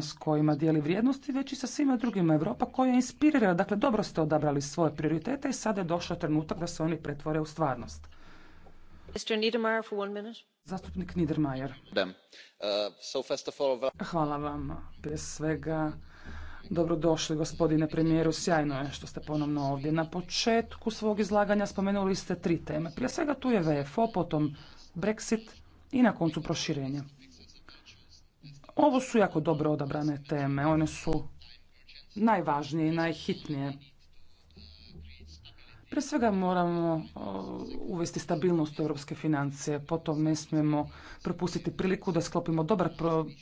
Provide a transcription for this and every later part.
s kojima dijeli vrijednosti, već i sa svima drugima. Europa koja je inspirirala Dakle, dobro ste odabrali svoje prioritete i sada je došao trenutak da se oni pretvore u stvarnost. Niedermayer Zastupnik uh, Hvala vam. Prije svega, Dobrodošli gospodine premijeru, sjajno je što ste ponovno ovdje. Na početku svog izlaganja spomenuli ste tri teme. Prije svega tu je VFO, potom Brexit i na koncu proširenje. Ovo su jako dobro odabrane teme, one su najvažnije i najhitnije. Pre svega moramo uvesti stabilnost europske financije, potom ne smijemo propustiti priliku da sklopimo dobar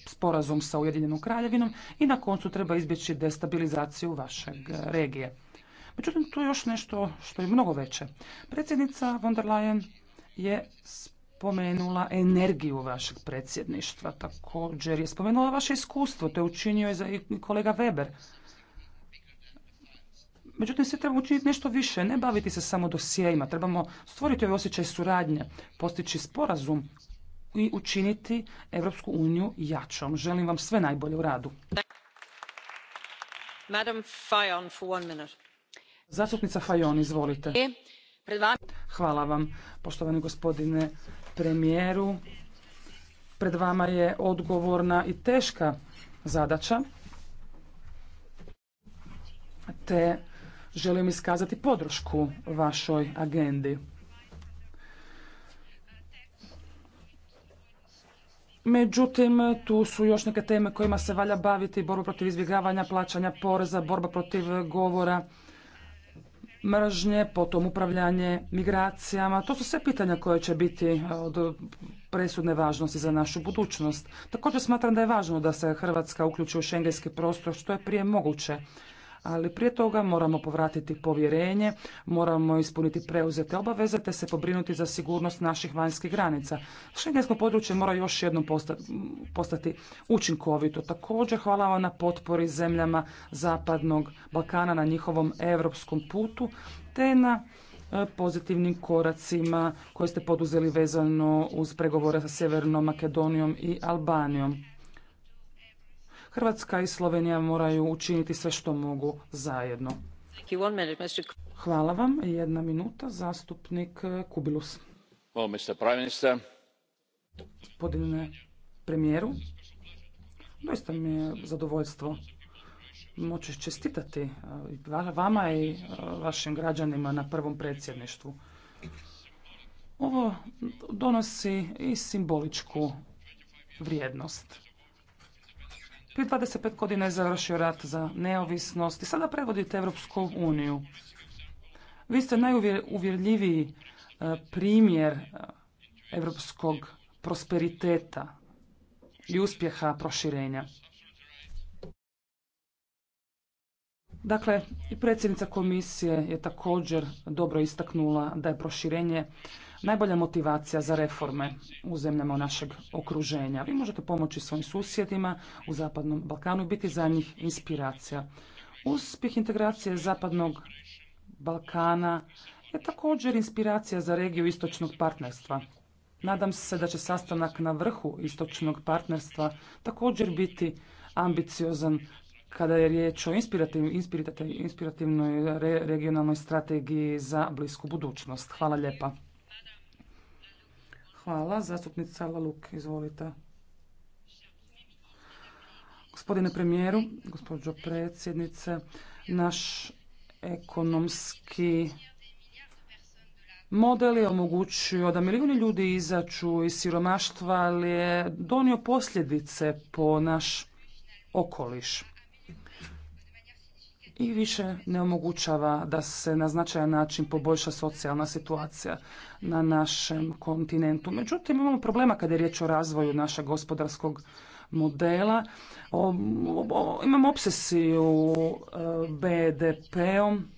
sporazum sa Ujedinjenom kraljevinom i na koncu treba izbjeći destabilizaciju vašeg regije. Međutim, tu je još nešto što je mnogo veće. Predsjednica von der Leyen je spomenula energiju vašeg predsjedništva, također je spomenula vaše iskustvo, to je učinio i kolega Weber. Međutim, sve treba učiniti nešto više, ne baviti se samo dosijajima. trebamo stvoriti ovaj osjećaj suradnje, postići sporazum i učiniti Evropsku uniju jačom. Želim vam sve najbolje u radu. Madam Zastupnica Fajon, izvolite. Hvala vam, poštovani gospodine premijeru. Pred vama je odgovorna i teška zadaća, te želim iskazati podršku vašoj agendi. Međutim, tu su još neke teme kojima se valja baviti, borba protiv izbjegavanja plaćanja poreza, borba protiv govora mržnje, potom upravljanje migracijama. To su sve pitanja koje će biti e, od presudne važnosti za našu budućnost. Također smatram da je važno da se Hrvatska uključi u šengenski prostor što je prije moguće ali prije toga moramo povratiti povjerenje, moramo ispuniti preuzete obaveze te se pobrinuti za sigurnost naših vanjskih granica. Šengensko područje mora još jednom postati učinkovito. Također hvala vam na potpori zemljama Zapadnog Balkana na njihovom europskom putu te na e, pozitivnim koracima koje ste poduzeli vezano uz pregovore sa Sjevernom Makedonijom i Albanijom. Hrvatska i Slovenija moraju učiniti sve što mogu zajedno. Hvala vam. Jedna minuta, zastupnik Kubilus. Gospodine premijeru, doista mi je zadovoljstvo moći čestitati eh, vama i eh, vašim građanima na prvom predsjedništvu. Ovo donosi i simboličku vrijednost. Prije 25 godina je završio rat za neovisnost i sada prevodite Evropsku uniju. Vi ste najuvjerljiviji e, primjer e, evropskog prosperiteta i uspjeha proširenja. Dakle, i predsjednica komisije je također dobro istaknula da je proširenje najbolja motivacija za reforme u zemljama našeg okruženja. Vi možete pomoći svojim susjedima u Zapadnom Balkanu i biti za njih inspiracija. Uspjeh integracije Zapadnog Balkana je također inspiracija za regiju istočnog partnerstva. Nadam se da će sastanak na vrhu istočnog partnerstva također biti ambiciozan kada je riječ o inspirativnoj regionalnoj strategiji za blisku budućnost. Hvala lijepa. Hvala. Zastupnica Laluk, izvolite. Gospodine premijeru, gospođo predsjednice, naš ekonomski model je omogućio da milijuni ljudi izađu iz siromaštva, ali je donio posljedice po naš okoliš i više ne omogućava da se na značajan način poboljša socijalna situacija na našem kontinentu. Međutim, imamo problema kada je riječ o razvoju našeg gospodarskog modela. imamo obsesiju e, BDP-om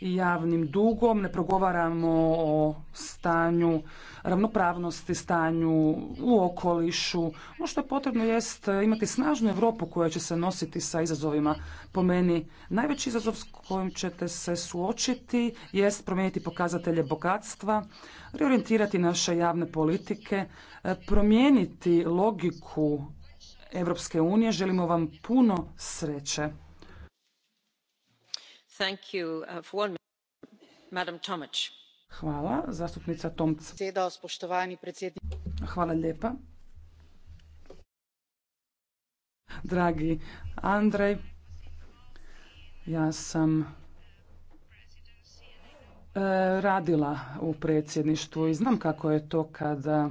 javnim dugom, ne progovaramo o stanju ravnopravnosti, stanju u okolišu. Ono što je potrebno jest imati snažnu Europu koja će se nositi sa izazovima. Po meni, najveći izazov s kojim ćete se suočiti jest promijeniti pokazatelje bogatstva, reorijentirati naše javne politike, promijeniti logiku Europske unije. Želimo vam puno sreće. Thank uh, Hvala. Zastupnica Tomca. Hvala lijepa. Dragi Andrej, ja sam eh, radila u predsjedništvu i znam kako je to kada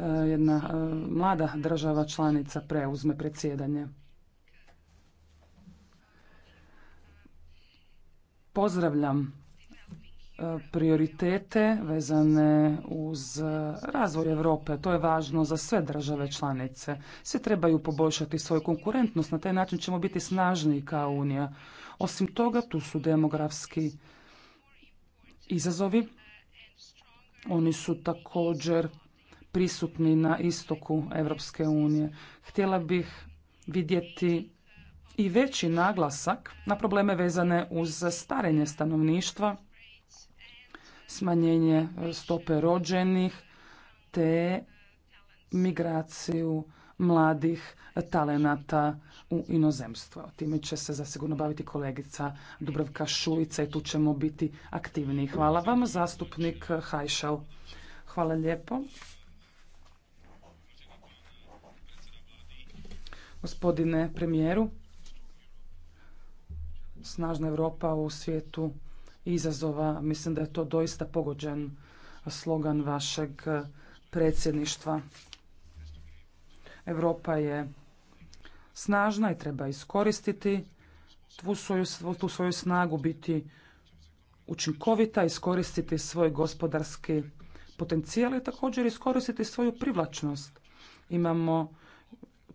eh, jedna eh, mlada država članica preuzme predsjedanje. Pozdravljam e, prioritete vezane uz razvoj Europe. To je važno za sve države članice. Svi trebaju poboljšati svoju konkurentnost. Na taj način ćemo biti snažniji kao Unija. Osim toga, tu su demografski izazovi. Oni su također prisutni na istoku Europske unije. Htjela bih vidjeti i veći naglasak na probleme vezane uz starenje stanovništva, smanjenje e, stope rođenih te migraciju mladih talenata u inozemstvo. Time će se zasigurno baviti kolegica Dubravka Šulica i tu ćemo biti aktivniji. Hvala vam, zastupnik Hajšel. Hvala lijepo. Gospodine premijeru, snažna Europa u svijetu izazova. Mislim da je to doista pogođen slogan vašeg eh, predsjedništva. Europa je snažna i treba iskoristiti tu svoju, svoju snagu, biti učinkovita, iskoristiti svoj gospodarski potencijal i također iskoristiti svoju privlačnost. Imamo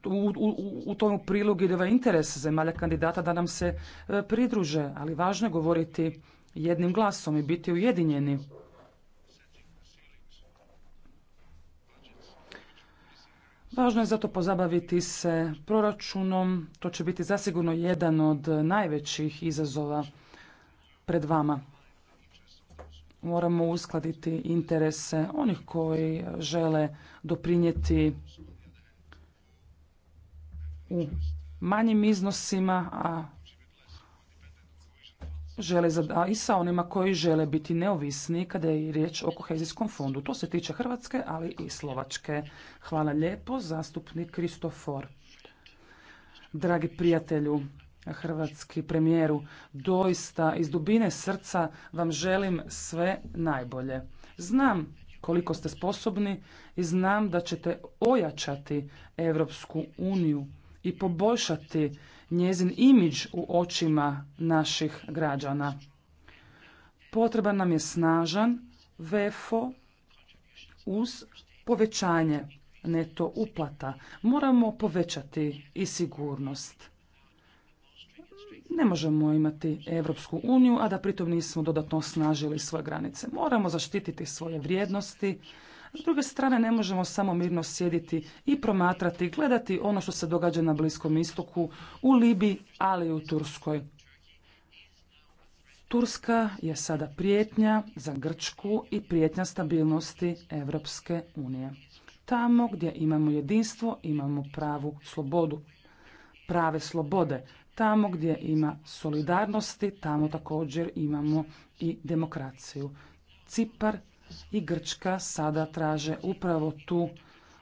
u, u, u tomu ovaj interes zemalja kandidata da nam se e, pridruže, ali važno je govoriti jednim glasom i biti ujedinjeni. Važno je zato pozabaviti se proračunom, to će biti zasigurno jedan od najvećih izazova pred vama. Moramo uskladiti interese onih koji žele doprinijeti u manjim iznosima, a žele i sa onima koji žele biti neovisni kada je riječ o kohezijskom fondu. To se tiče Hrvatske, ali i Slovačke. Hvala lijepo, zastupnik Kristofor. Dragi prijatelju, hrvatski premijeru, doista iz dubine srca vam želim sve najbolje. Znam koliko ste sposobni i znam da ćete ojačati Europsku uniju i poboljšati njezin imidž u očima naših građana. Potreban nam je snažan VFO uz povećanje neto uplata. Moramo povećati i sigurnost. Ne možemo imati Europsku uniju, a da pritom nismo dodatno osnažili svoje granice. Moramo zaštititi svoje vrijednosti s druge strane ne možemo samo mirno sjediti i promatrati, gledati ono što se događa na Bliskom istoku, u Libiji, ali i u Turskoj. Turska je sada prijetnja za Grčku i prijetnja stabilnosti Europske unije. Tamo gdje imamo jedinstvo, imamo pravu slobodu, prave slobode. Tamo gdje ima solidarnosti, tamo također imamo i demokraciju. Cipar i Grčka sada traže upravo tu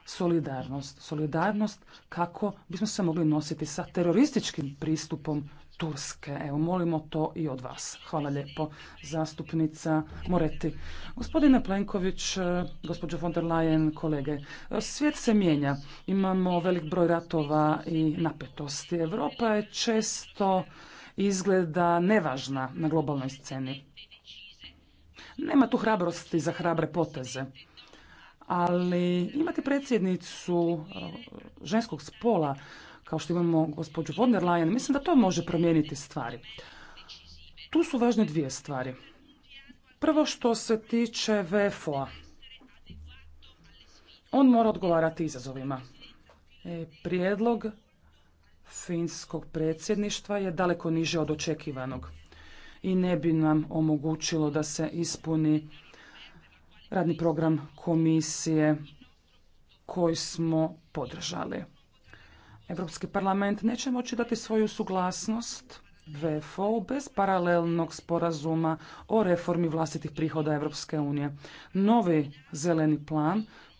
solidarnost. Solidarnost kako bismo se mogli nositi sa terorističkim pristupom Turske. Evo, molimo to i od vas. Hvala lijepo, zastupnica Moreti. Gospodine Plenković, e, gospođo von der Leyen, kolege, e, svijet se mijenja. Imamo velik broj ratova i napetosti. Europa je često izgleda nevažna na globalnoj sceni. Nema tu hrabrosti za hrabre poteze. Ali imati predsjednicu e, ženskog spola, kao što imamo gospođu von der Leyen, mislim da to može promijeniti stvari. Tu su važne dvije stvari. Prvo što se tiče VFO-a. On mora odgovarati izazovima. E, prijedlog finskog predsjedništva je daleko niže od očekivanog i ne bi nam omogućilo da se ispuni radni program komisije koji smo podržali. Europski parlament neće moći dati svoju suglasnost VFO bez paralelnog sporazuma o reformi vlastitih prihoda Europske unije. Novi zeleni plan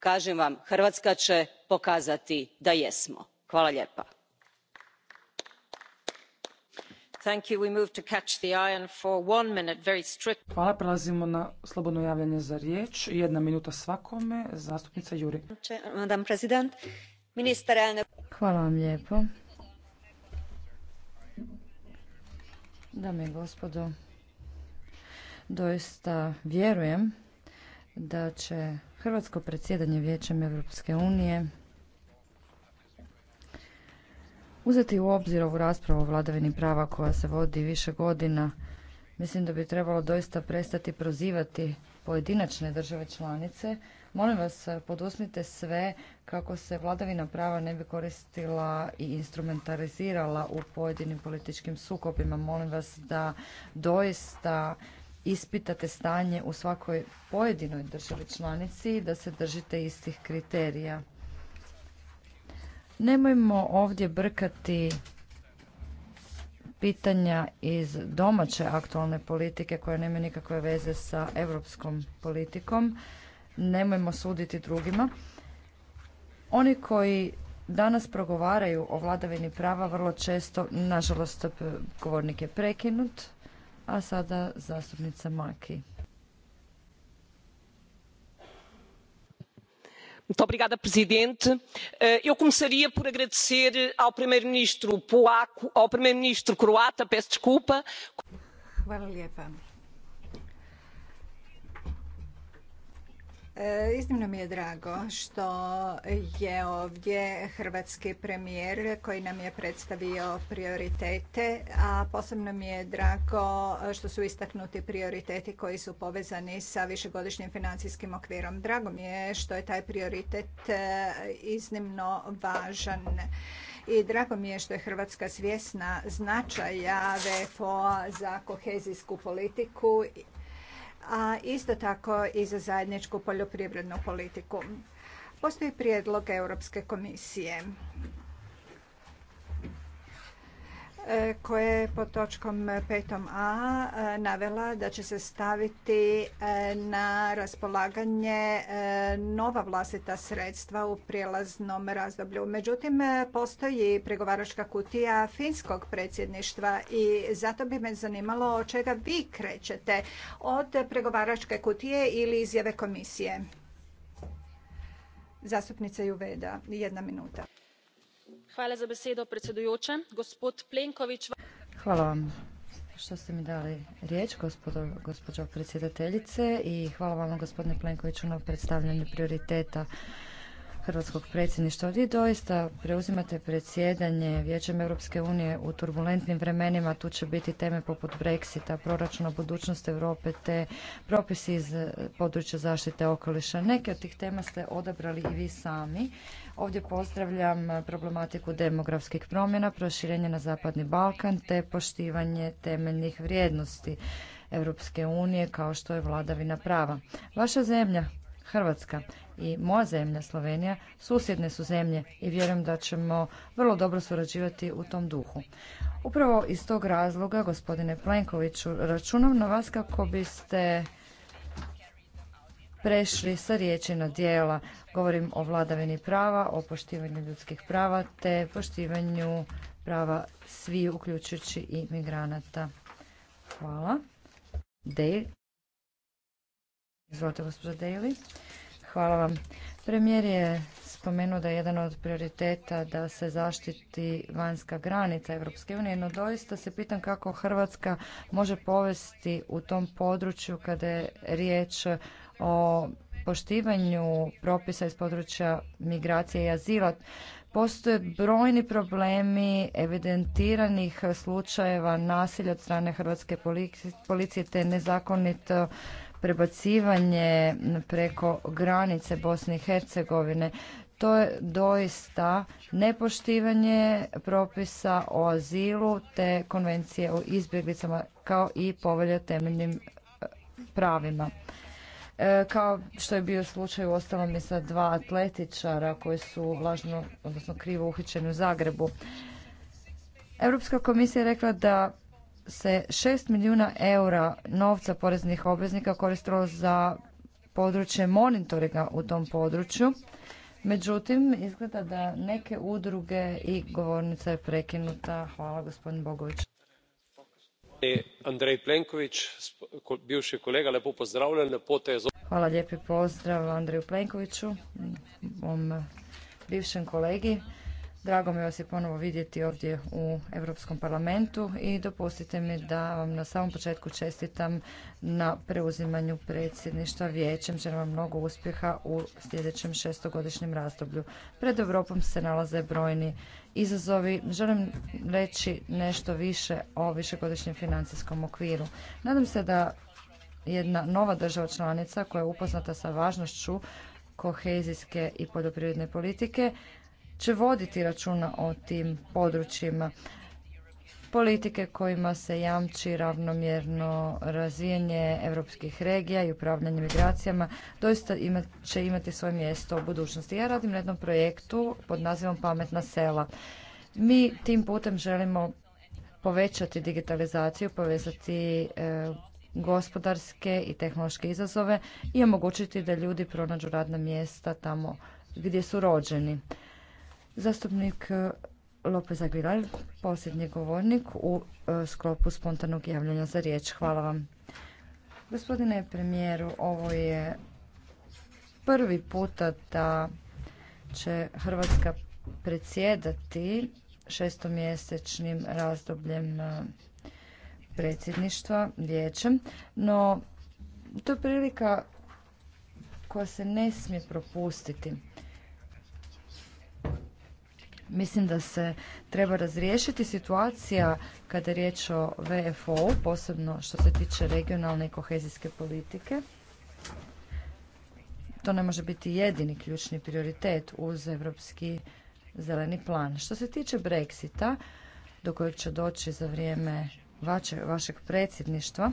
kažem vam hrvatska će pokazati da jesmo. hvala lijepa. Hvala, prelazimo na slobodno javljanje za riječ. Jedna minuta svakome. Zastupnica Juri. Hvala vam lijepo. Dame i gospodo, doista vjerujem da će Hrvatsko predsjedanje Vijećem Europske unije uzeti u obzir ovu raspravu o vladavini prava koja se vodi više godina, mislim da bi trebalo doista prestati prozivati pojedinačne države članice. Molim vas, poduzmite sve kako se vladavina prava ne bi koristila i instrumentalizirala u pojedinim političkim sukobima. Molim vas da doista ispitate stanje u svakoj pojedinoj državi članici i da se držite istih kriterija. Nemojmo ovdje brkati pitanja iz domaće aktualne politike koja nema nikakve veze sa europskom politikom. Nemojmo suditi drugima. Oni koji danas progovaraju o vladavini prava vrlo često, nažalost, govornik je prekinut. A sada zastupnica Maki. Muito Obrigada, presidente. Eh, eu começaria por agradecer ao primeiro-ministro polaco, ao primeiro-ministro croata, peço desculpa. Hvala lijepa. E, iznimno mi je drago što je ovdje hrvatski premijer koji nam je predstavio prioritete, a posebno mi je drago što su istaknuti prioriteti koji su povezani sa višegodišnjim financijskim okvirom. Drago mi je što je taj prioritet e, iznimno važan i drago mi je što je Hrvatska svjesna značaja VFO-a za kohezijsku politiku a isto tako i za zajedničku poljoprivrednu politiku. Postoji prijedlog Europske komisije koja je pod točkom 5a e, navela da će se staviti e, na raspolaganje e, nova vlastita sredstva u prijelaznom razdoblju. Međutim, postoji pregovaračka kutija finskog predsjedništva i zato bi me zanimalo od čega vi krećete od pregovaračke kutije ili izjave komisije. Zastupnica Juveda, jedna minuta. Hvala za Hvala vam što ste mi dali riječ, gospodo, gospođo predsjedateljice i hvala vam gospodine Plenkoviću na predstavljanju prioriteta Hrvatskog predsjedništva. Vi doista preuzimate predsjedanje Vijećem Europske unije u turbulentnim vremenima. Tu će biti teme poput Brexita, proračuna budućnost Europe te propisi iz područja zaštite okoliša. Neke od tih tema ste odabrali i vi sami. Ovdje pozdravljam problematiku demografskih promjena, proširenje na Zapadni Balkan te poštivanje temeljnih vrijednosti Europske unije kao što je vladavina prava. Vaša zemlja, Hrvatska i moja zemlja Slovenija susjedne su zemlje i vjerujem da ćemo vrlo dobro surađivati u tom duhu. Upravo iz tog razloga, gospodine Plenkoviću, računam na vas kako biste prešli sa riječi na dijela. Govorim o vladavini prava, o poštivanju ljudskih prava te poštivanju prava svi uključujući i migranata. Hvala. Dej. Izvolite, gospođa Hvala vam. Premijer je spomenuo da je jedan od prioriteta da se zaštiti vanjska granica Europske unije, no doista se pitam kako Hrvatska može povesti u tom području kada je riječ o poštivanju propisa iz područja migracije i azila. Postoje brojni problemi evidentiranih slučajeva nasilja od strane hrvatske policije te nezakonito prebacivanje preko granice Bosne i Hercegovine. To je doista nepoštivanje propisa o azilu te konvencije o izbjeglicama kao i povelje o temeljnim e, pravima. E, kao što je bio slučaj u ostalom i sa dva atletičara koji su lažno, odnosno krivo uhićeni u Zagrebu. Europska komisija je rekla da se 6 milijuna eura novca poreznih obveznika koristilo za područje monitoringa u tom području. Međutim, izgleda da neke udruge i govornica je prekinuta. Hvala gospodin Bogović. Andrej Plenković, bivši kolega, lepo pozdravljen, lepote je... Hvala lijepi pozdrav Andreju Plenkoviću, mom bivšem kolegi. Drago mi vas je ponovo vidjeti ovdje u Europskom parlamentu i dopustite mi da vam na samom početku čestitam na preuzimanju predsjedništva vijećem. Želim vam mnogo uspjeha u sljedećem šestogodišnjem razdoblju. Pred Europom se nalaze brojni izazovi. Želim reći nešto više o višegodišnjem financijskom okviru. Nadam se da jedna nova država članica koja je upoznata sa važnošću kohezijske i poljoprivredne politike će voditi računa o tim područjima. Politike kojima se jamči ravnomjerno razvijanje europskih regija i upravljanje migracijama doista će imati svoje mjesto u budućnosti. Ja radim na jednom projektu pod nazivom Pametna sela. Mi tim putem želimo povećati digitalizaciju, povezati e, gospodarske i tehnološke izazove i omogućiti da ljudi pronađu radna mjesta tamo gdje su rođeni. Zastupnik e, Lopez Aguilar, posljednji govornik u e, sklopu spontanog javljanja za riječ. Hvala vam. Gospodine premijeru, ovo je prvi puta da će Hrvatska predsjedati šestomjesečnim razdobljem e, predsjedništva vijećem, no to je prilika koja se ne smije propustiti. Mislim da se treba razriješiti situacija kada je riječ o VFO, posebno što se tiče regionalne i kohezijske politike. To ne može biti jedini ključni prioritet uz Europski zeleni plan. Što se tiče Brexita, do kojeg će doći za vrijeme vašeg predsjedništva,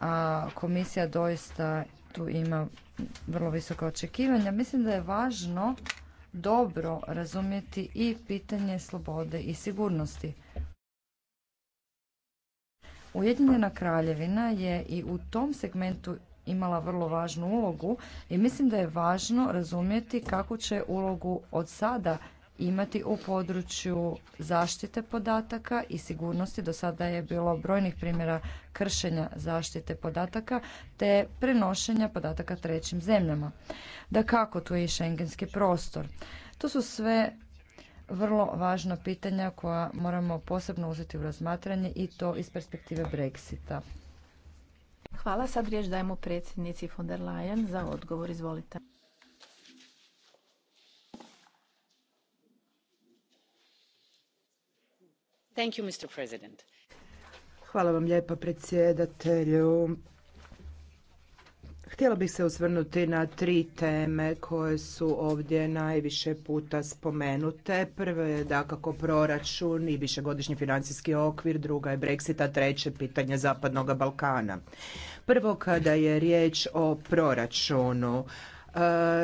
a komisija doista tu ima vrlo visoka očekivanja, mislim da je važno dobro razumjeti i pitanje slobode i sigurnosti. Ujedinjena kraljevina je i u tom segmentu imala vrlo važnu ulogu i mislim da je važno razumjeti kako će ulogu od sada imati u području zaštite podataka i sigurnosti. Do sada je bilo brojnih primjera kršenja zaštite podataka te prenošenja podataka trećim zemljama. Da kako tu je i šengenski prostor. To su sve vrlo važna pitanja koja moramo posebno uzeti u razmatranje i to iz perspektive Brexita. Hvala. Sad riječ dajemo predsjednici von der Leyen za odgovor. Izvolite. Hvala vam lijepa predsjedatelju. Htjela bih se osvrnuti na tri teme koje su ovdje najviše puta spomenute. Prva je dakako proračun i višegodišnji financijski okvir, druga je Brexit, a treće pitanje Zapadnog Balkana. Prvo kada je riječ o proračunu,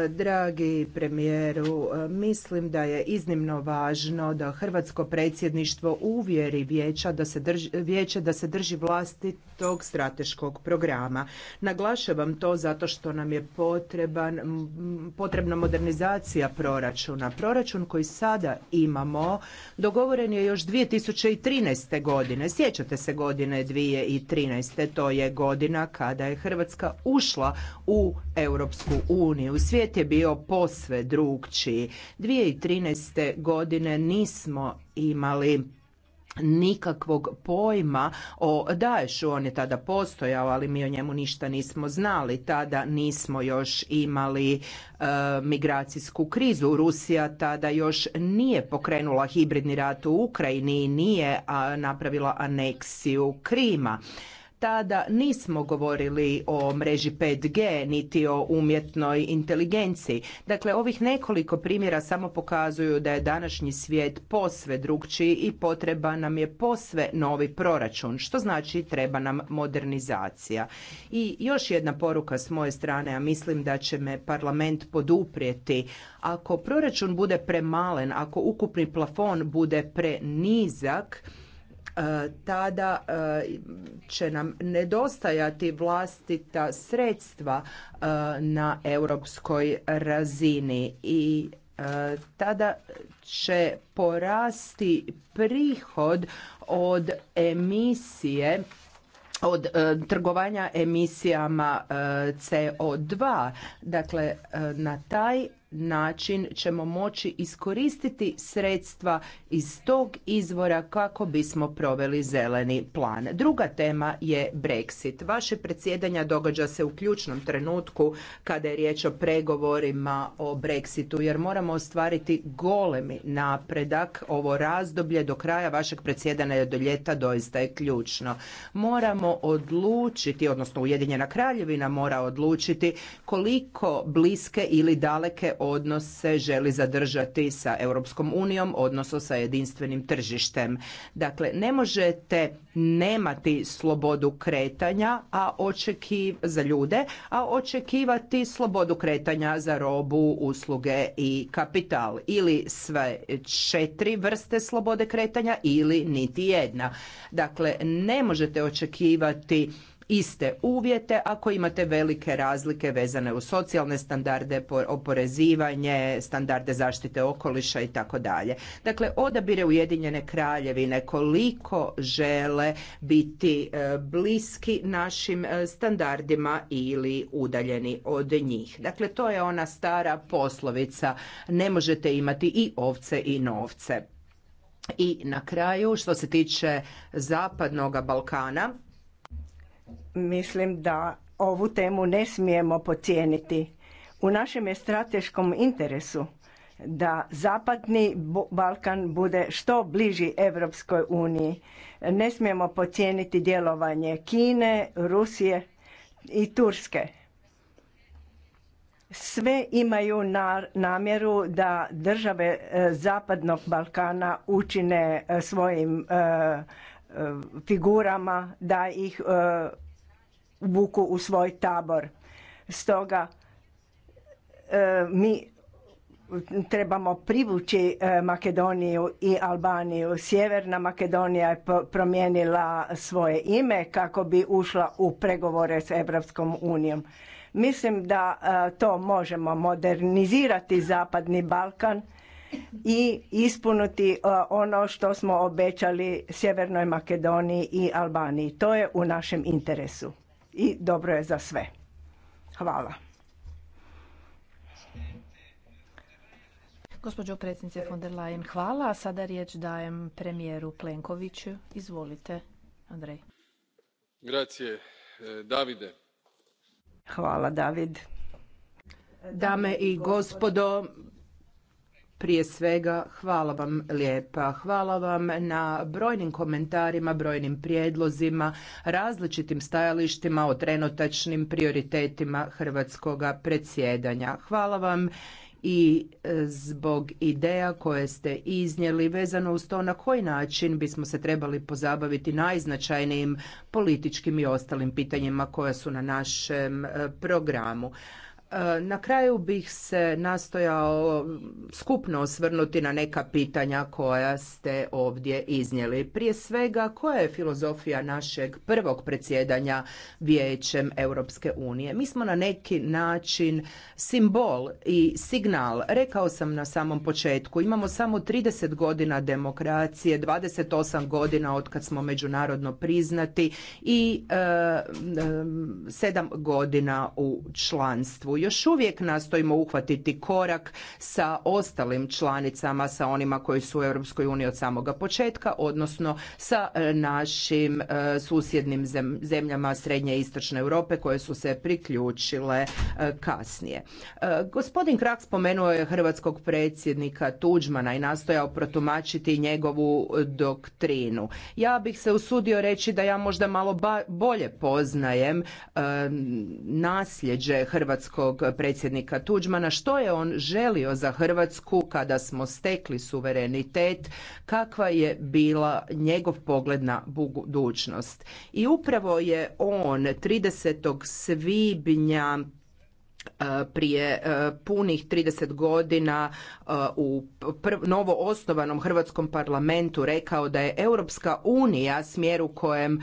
Dragi premijeru, mislim da je iznimno važno da hrvatsko predsjedništvo uvjeri vijeća da se drži, da se drži vlastitog strateškog programa. Naglašavam to zato što nam je potreban, potrebna modernizacija proračuna. Proračun koji sada imamo dogovoren je još 2013. godine. Sjećate se godine 2013. To je godina kada je Hrvatska ušla u Europsku uniju u Svijet je bio posve drugčiji. 2013. godine nismo imali nikakvog pojma o Daješu. On je tada postojao, ali mi o njemu ništa nismo znali. Tada nismo još imali e, migracijsku krizu. Rusija tada još nije pokrenula hibridni rat u Ukrajini i nije a, napravila aneksiju Krima tada nismo govorili o mreži 5G niti o umjetnoj inteligenciji. Dakle, ovih nekoliko primjera samo pokazuju da je današnji svijet posve drugčiji i potreba nam je posve novi proračun, što znači treba nam modernizacija. I još jedna poruka s moje strane, a mislim da će me parlament poduprijeti. Ako proračun bude premalen, ako ukupni plafon bude prenizak, E, tada e, će nam nedostajati vlastita sredstva e, na europskoj razini i tada će porasti prihod od emisije od trgovanja emisijama CO2. Dakle, na taj način ćemo moći iskoristiti sredstva iz tog izvora kako bismo proveli zeleni plan. Druga tema je Brexit. Vaše predsjedanja događa se u ključnom trenutku kada je riječ o pregovorima o Brexitu jer moramo ostvariti golemi napredak. Ovo razdoblje do kraja vašeg predsjedanja do ljeta doista je ključno. Moramo odlučiti, odnosno Ujedinjena kraljevina mora odlučiti koliko bliske ili daleke odnose želi zadržati sa Europskom unijom, odnosno sa jedinstvenim tržištem. Dakle, ne možete nemati slobodu kretanja a očekiv... za ljude, a očekivati slobodu kretanja za robu, usluge i kapital. Ili sve četiri vrste slobode kretanja ili niti jedna. Dakle, ne možete očekivati iste uvjete ako imate velike razlike vezane u socijalne standarde, oporezivanje, standarde zaštite okoliša i tako dalje. Dakle, odabire Ujedinjene kraljevine koliko žele biti e, bliski našim e, standardima ili udaljeni od njih. Dakle, to je ona stara poslovica, ne možete imati i ovce i novce. I na kraju, što se tiče Zapadnog Balkana, mislim da ovu temu ne smijemo pocijeniti. U našem je strateškom interesu da zapadni Balkan bude što bliži Europskoj uniji. Ne smijemo pocijeniti djelovanje Kine, Rusije i Turske. Sve imaju namjeru da države e, zapadnog Balkana učine e, svojim e, Eh, figurama da ih eh, vuku u svoj tabor. Stoga eh, mi trebamo privući Makedoniju i Albaniju. Sjeverna Makedonija je promijenila svoje ime kako bi ušla u pregovore s Evropskom unijom. Mislim da to možemo modernizirati Zapadni Balkan i ispuniti e, ono što smo obećali Sjevernoj Makedoniji i Albaniji. To je u našem interesu i dobro je za sve. Hvala. Gospođo predsjednice von der Leyen, hvala. A sada riječ dajem premijeru Plenkoviću. Izvolite, Andrej. Grazie, e, Davide. Hvala, David. Dame i gospodo, prije svega hvala vam lijepa. Hvala vam na brojnim komentarima, brojnim prijedlozima, različitim stajalištima o trenutačnim prioritetima hrvatskoga predsjedanja. Hvala vam i e, zbog ideja koje ste iznijeli vezano uz to na koji način bismo se trebali pozabaviti najznačajnijim političkim i ostalim pitanjima koja su na našem e, programu. Na kraju bih se nastojao skupno osvrnuti na neka pitanja koja ste ovdje iznijeli. Prije svega, koja je filozofija našeg prvog predsjedanja Vijećem Europske unije? Mi smo na neki način simbol i signal. Rekao sam na samom početku, imamo samo 30 godina demokracije, 28 godina od kad smo međunarodno priznati i 7 e, godina u članstvu još uvijek nastojimo uhvatiti korak sa ostalim članicama, sa onima koji su u Europskoj uniji od samoga početka, odnosno sa e, našim e, susjednim zemljama Srednje i Istočne Europe koje su se priključile e, kasnije. Gospodin Krak spomenuo je hrvatskog predsjednika Tuđmana i nastojao protumačiti njegovu doktrinu. Ja bih se usudio reći da ja možda malo bolje poznajem nasljeđe hrvatskog hrvatskog predsjednika Tuđmana, što je on želio za Hrvatsku kada smo stekli suverenitet, kakva je bila njegov pogled na budućnost. I upravo je on 30. svibnja E, prije e, punih 30 godina e, u novo osnovanom Hrvatskom parlamentu rekao da je Europska unija smjer u kojem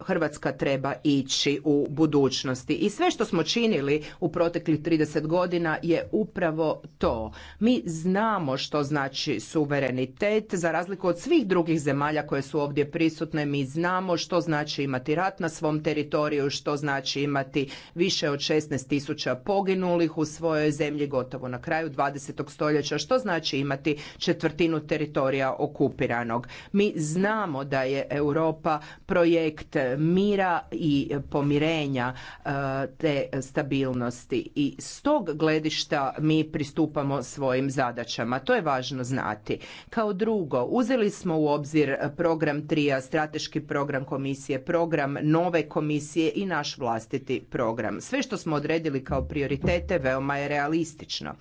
Hrvatska treba ići u budućnosti. I sve što smo činili u proteklih 30 godina je upravo to. Mi znamo što znači suverenitet, za razliku od svih drugih zemalja koje su ovdje prisutne, mi znamo što znači imati rat na svom teritoriju, što znači imati više od tisuća tisuća poginulih u svojoj zemlji gotovo na kraju 20. stoljeća, što znači imati četvrtinu teritorija okupiranog. Mi znamo da je Europa projekt mira i pomirenja e, te stabilnosti i s tog gledišta mi pristupamo svojim zadaćama. To je važno znati. Kao drugo, uzeli smo u obzir program trija, strateški program komisije, program nove komisije i naš vlastiti program. Sve što smo odredili kao prioritete veoma je realistično.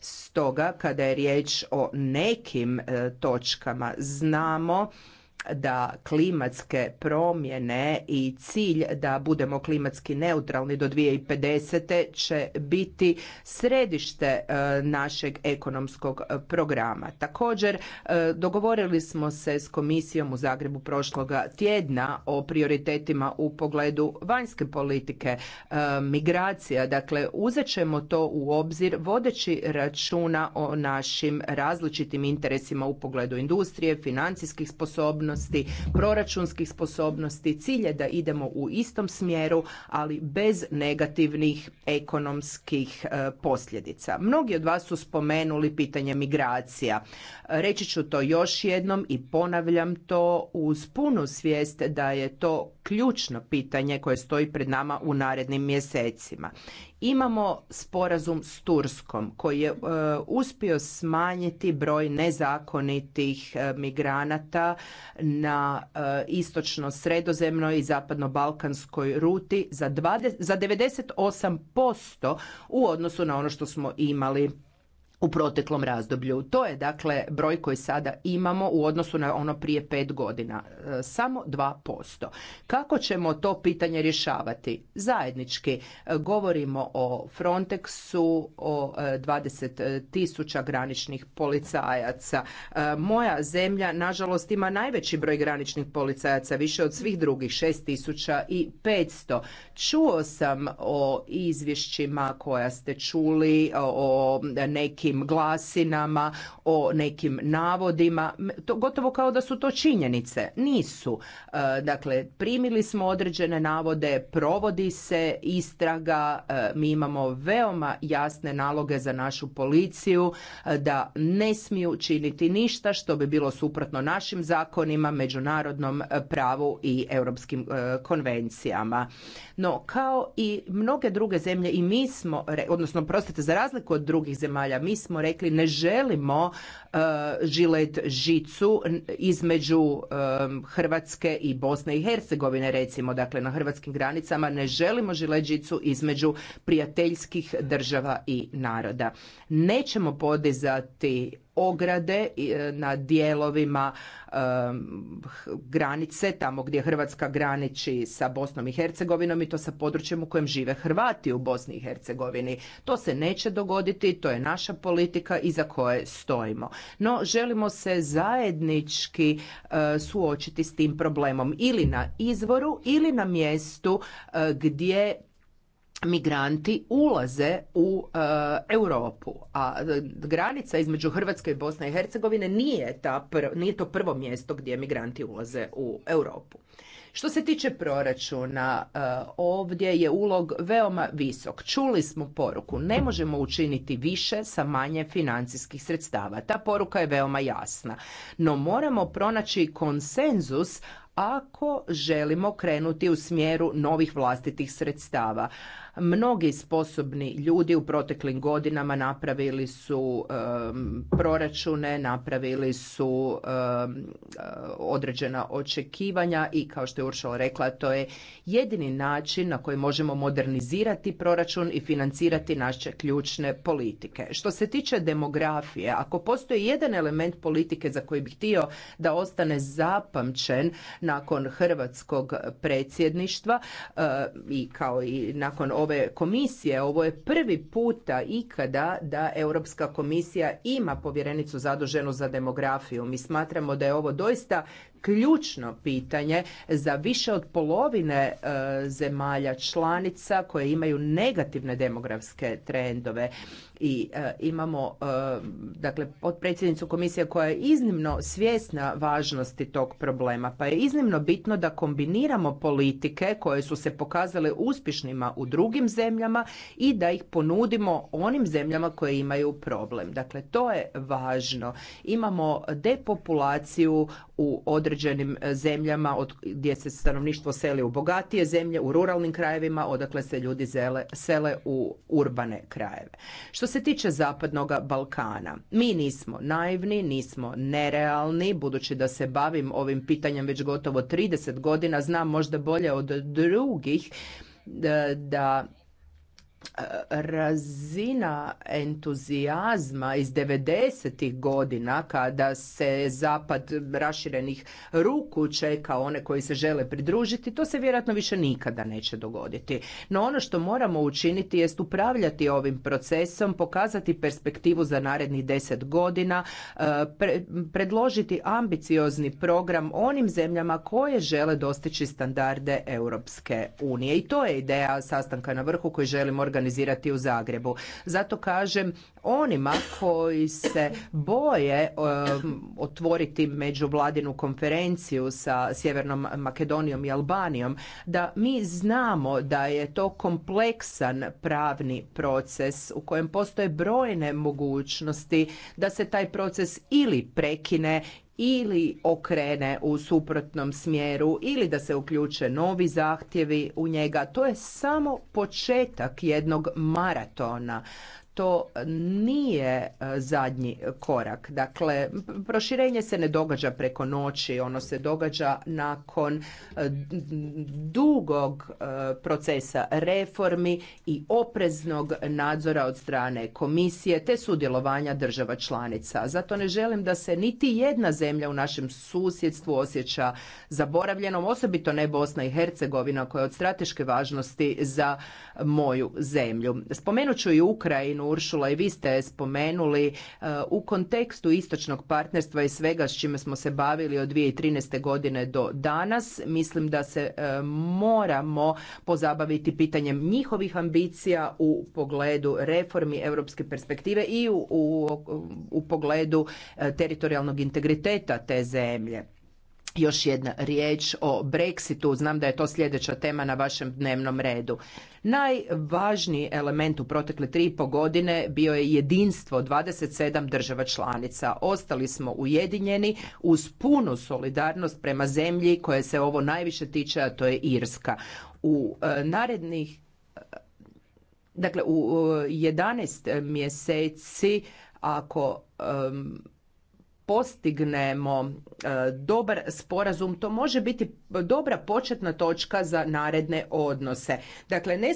Stoga kada je riječ o nekim e, točkama znamo da klimatske promjene i cilj da budemo klimatski neutralni do 2050. će biti središte e, našeg ekonomskog programa. Također, e, dogovorili smo se s komisijom u Zagrebu prošloga tjedna o prioritetima u pogledu vanjske politike, e, migracija. Dakle, uzet ćemo to u obzir vodeći računa o našim različitim interesima u pogledu industrije, financijskih sposobnosti, sposobnosti, proračunskih sposobnosti. Cilj je da idemo u istom smjeru, ali bez negativnih ekonomskih e, posljedica. Mnogi od vas su spomenuli pitanje migracija. Reći ću to još jednom i ponavljam to uz punu svijest da je to ključno pitanje koje stoji pred nama u narednim mjesecima. Imamo sporazum s Turskom koji je e, uspio smanjiti broj nezakonitih e, migranata na e, istočno sredozemnoj i zapadno balkanskoj ruti za, za 98% u odnosu na ono što smo imali u proteklom razdoblju. To je dakle broj koji sada imamo u odnosu na ono prije pet godina. E, samo posto Kako ćemo to pitanje rješavati? Zajednički e, govorimo o Frontexu, o 20 e, tisuća graničnih policajaca. Moja zemlja, nažalost, ima najveći broj graničnih policajaca, više od svih drugih, 6500. Čuo sam o izvješćima koja ste čuli, o nekim glasinama, o nekim navodima, to gotovo kao da su to činjenice. Nisu. E, dakle, primili smo određene navode, provodi se istraga, e, mi imamo veoma jasne naloge za našu policiju e, da ne smiju činiti ništa što bi bilo suprotno našim zakonima, međunarodnom pravu i europskim konvencijama. No, kao i mnoge druge zemlje i mi smo, odnosno prostite, za razliku od drugih zemalja, mi smo rekli ne želimo uh, žilet žicu između e, Hrvatske i Bosne i Hercegovine recimo, dakle na hrvatskim granicama ne želimo žilet žicu između prijateljskih država i naroda nećemo podizati ograde e, na dijelovima granice, tamo gdje Hrvatska graniči sa Bosnom i Hercegovinom i to sa područjem u kojem žive Hrvati u Bosni i Hercegovini. To se neće dogoditi, to je naša politika iza koje stojimo. No, želimo se zajednički e, suočiti s tim problemom ili na izvoru ili na mjestu e, gdje migranti ulaze u eh, Europu, a eh, granica između Hrvatske i Bosne i Hercegovine nije, ta pr nije to prvo mjesto gdje migranti ulaze u Europu. Što se tiče proračuna, eh, ovdje je ulog veoma visok. Čuli smo poruku, ne možemo učiniti više sa manje financijskih sredstava. Ta poruka je veoma jasna. No moramo pronaći konsenzus ako želimo krenuti u smjeru novih vlastitih sredstava. Mnogi sposobni ljudi u proteklim godinama napravili su proračune, napravili su određena očekivanja i kao što je Uršala rekla, to je jedini način na koji možemo modernizirati proračun i financirati naše ključne politike. Što se tiče demografije, ako postoji jedan element politike za koji bih htio da ostane zapamćen nakon hrvatskog predsjedništva eh, i kao i nakon ove komisije. Ovo je prvi puta ikada da Europska komisija ima povjerenicu zaduženu za demografiju. Mi smatramo da je ovo doista ključno pitanje za više od polovine e, zemalja članica koje imaju negativne demografske trendove i e, imamo e, dakle potpredsjednicu komisije koja je iznimno svjesna važnosti tog problema pa je iznimno bitno da kombiniramo politike koje su se pokazale uspješnima u drugim zemljama i da ih ponudimo onim zemljama koje imaju problem. Dakle to je važno. Imamo depopulaciju u određenim zemljama od gdje se stanovništvo seli u bogatije zemlje, u ruralnim krajevima, odakle se ljudi sele u urbane krajeve. Što se tiče Zapadnog Balkana, mi nismo naivni, nismo nerealni, budući da se bavim ovim pitanjem već gotovo 30 godina, znam možda bolje od drugih e, da razina entuzijazma iz 90. godina kada se zapad raširenih ruku čeka one koji se žele pridružiti, to se vjerojatno više nikada neće dogoditi. No ono što moramo učiniti jest upravljati ovim procesom, pokazati perspektivu za narednih deset godina, e, predložiti ambiciozni program onim zemljama koje žele dostići standarde Europske unije. I to je ideja sastanka na vrhu koji želimo organizirati u Zagrebu. Zato kažem onima koji se boje um, otvoriti međuvladinu konferenciju sa Sjevernom Makedonijom i Albanijom da mi znamo da je to kompleksan pravni proces u kojem postoje brojne mogućnosti da se taj proces ili prekine ili okrene u suprotnom smjeru ili da se uključe novi zahtjevi u njega. To je samo početak jednog maratona to nije e, zadnji korak. Dakle, proširenje se ne događa preko noći, ono se događa nakon e, dugog e, procesa reformi i opreznog nadzora od strane komisije te sudjelovanja država članica. Zato ne želim da se niti jedna zemlja u našem susjedstvu osjeća zaboravljenom, osobito ne Bosna i Hercegovina koja je od strateške važnosti za moju zemlju. Spomenut ću i Ukrajinu Uršula, i vi ste je spomenuli, e, u kontekstu istočnog partnerstva i svega s čime smo se bavili od 2013. godine do danas, mislim da se e, moramo pozabaviti pitanjem njihovih ambicija u pogledu reformi europske perspektive i u pogledu e, teritorijalnog integriteta te zemlje još jedna riječ o Brexitu, znam da je to sljedeća tema na vašem dnevnom redu. Najvažniji element u protekle tri i godine bio je jedinstvo 27 država članica. Ostali smo ujedinjeni uz punu solidarnost prema zemlji koje se ovo najviše tiče, a to je Irska. U e, narednih, dakle u 11 mjeseci ako postignemo e, dobar sporazum, to može biti dobra početna točka za naredne odnose. Dakle, ne,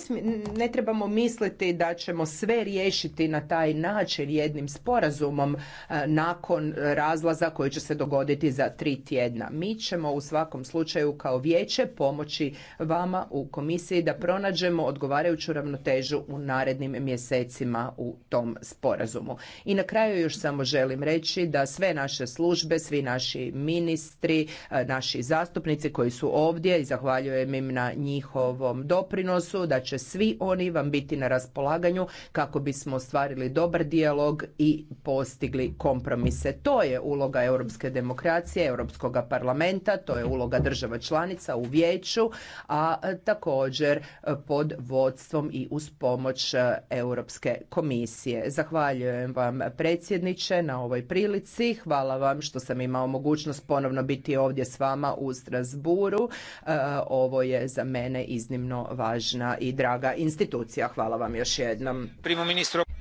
ne trebamo misliti da ćemo sve riješiti na taj način jednim sporazumom e, nakon razlaza koji će se dogoditi za tri tjedna. Mi ćemo u svakom slučaju kao vijeće pomoći vama u komisiji da pronađemo odgovarajuću ravnotežu u narednim mjesecima u tom sporazumu. I na kraju još samo želim reći da sve naše službe, svi naši ministri, e, naši zastupnici koji su ovdje i zahvaljujem im na njihovom doprinosu, da će svi oni vam biti na raspolaganju kako bismo ostvarili dobar dijalog i postigli kompromise. To je uloga europske demokracije, europskog parlamenta, to je uloga država članica u vijeću, a također pod vodstvom i uz pomoć Europske komisije. Zahvaljujem vam predsjedniče na ovoj prilici. Hvala vam što sam imao mogućnost ponovno biti ovdje s vama u Strasbourg kulturu. E, ovo je za mene iznimno važna i draga institucija. Hvala vam još jednom.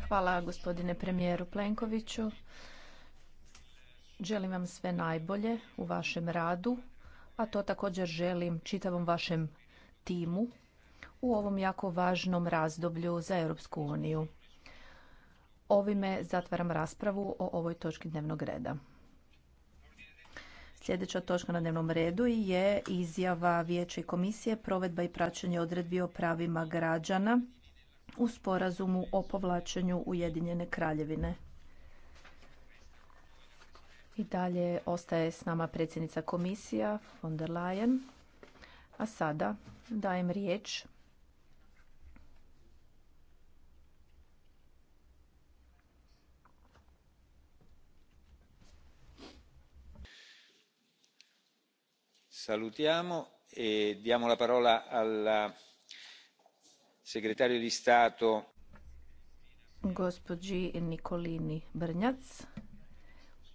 Hvala gospodine premijeru Plenkoviću. Želim vam sve najbolje u vašem radu, a to također želim čitavom vašem timu u ovom jako važnom razdoblju za Europsku uniju. Ovime zatvaram raspravu o ovoj točki dnevnog reda. Sljedeća točka na dnevnom redu je izjava Vijeća i komisije provedba i praćenje odredbi o pravima građana u sporazumu o povlačenju Ujedinjene kraljevine. I dalje ostaje s nama predsjednica komisija von der Leyen. A sada dajem riječ salutiamo e diamo la parola al segretario di stato gospođi Nicolini Brnjac